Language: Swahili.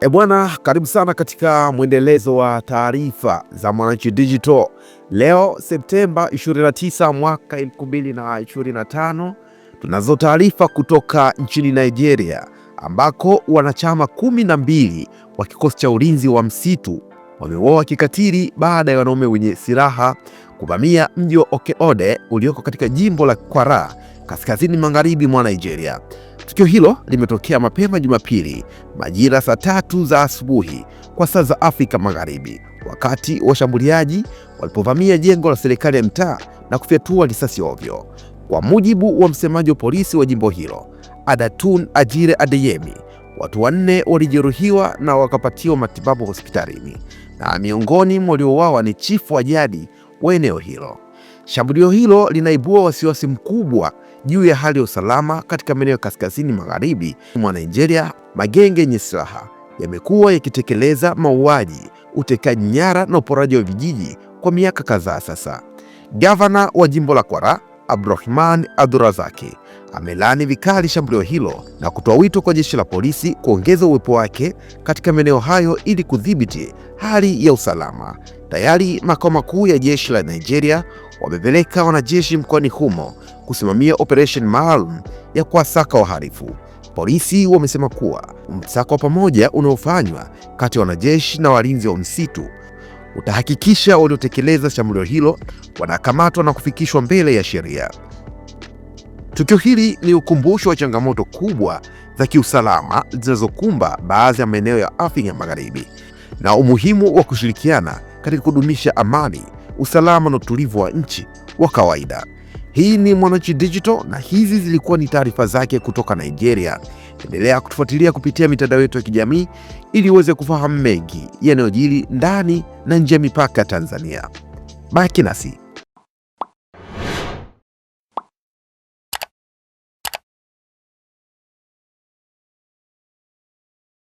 E bwana, karibu sana katika mwendelezo wa taarifa za Mwananchi Digital. Leo Septemba 29 mwaka 2025, tunazo taarifa kutoka nchini Nigeria ambako wanachama 12 wa kikosi cha ulinzi wa msitu wameuawa kikatili baada ya wanaume wenye silaha kuvamia mji wa Okeode ulioko katika jimbo la Kwara kaskazini magharibi mwa Nigeria. Tukio hilo limetokea mapema Jumapili majira saa tatu za asubuhi kwa saa za Afrika Magharibi, wakati washambuliaji walipovamia jengo la serikali ya mtaa na kufyatua risasi ovyo, kwa mujibu wa msemaji wa polisi wa jimbo hilo Adatun Ajire Adeyemi. Watu wanne walijeruhiwa na wakapatiwa matibabu hospitalini, na miongoni mwa waliouawa ni chifu wa jadi wa eneo hilo. Shambulio hilo linaibua wasiwasi mkubwa juu ya hali ya usalama katika maeneo ya kaskazini magharibi mwa Nigeria, magenge yenye silaha yamekuwa yakitekeleza mauaji, utekaji nyara na uporaji wa vijiji kwa miaka kadhaa sasa. Gavana wa jimbo la Kwara Abdurahman Abdurazaki amelaani vikali shambulio hilo na kutoa wito kwa jeshi la polisi kuongeza uwepo wake katika maeneo hayo ili kudhibiti hali ya usalama. Tayari makao makuu ya jeshi la Nigeria wamepeleka wanajeshi mkoani humo kusimamia operesheni maalum ya kuwasaka wahalifu. Polisi wamesema kuwa msako wa pamoja unaofanywa kati ya wanajeshi na walinzi wa msitu utahakikisha waliotekeleza shambulio hilo wanakamatwa na kufikishwa mbele ya sheria. Tukio hili ni ukumbusho wa changamoto kubwa za kiusalama zinazokumba baadhi ya maeneo ya Afrika Magharibi na umuhimu wa kushirikiana katika kudumisha amani, usalama na utulivu wa nchi wa kawaida. Hii ni Mwananchi Digital na hizi zilikuwa ni taarifa zake kutoka Nigeria. Endelea kutufuatilia kupitia mitandao yetu ya kijamii ili uweze kufahamu mengi yanayojiri ndani na nje ya mipaka ya Tanzania. Baki nasi.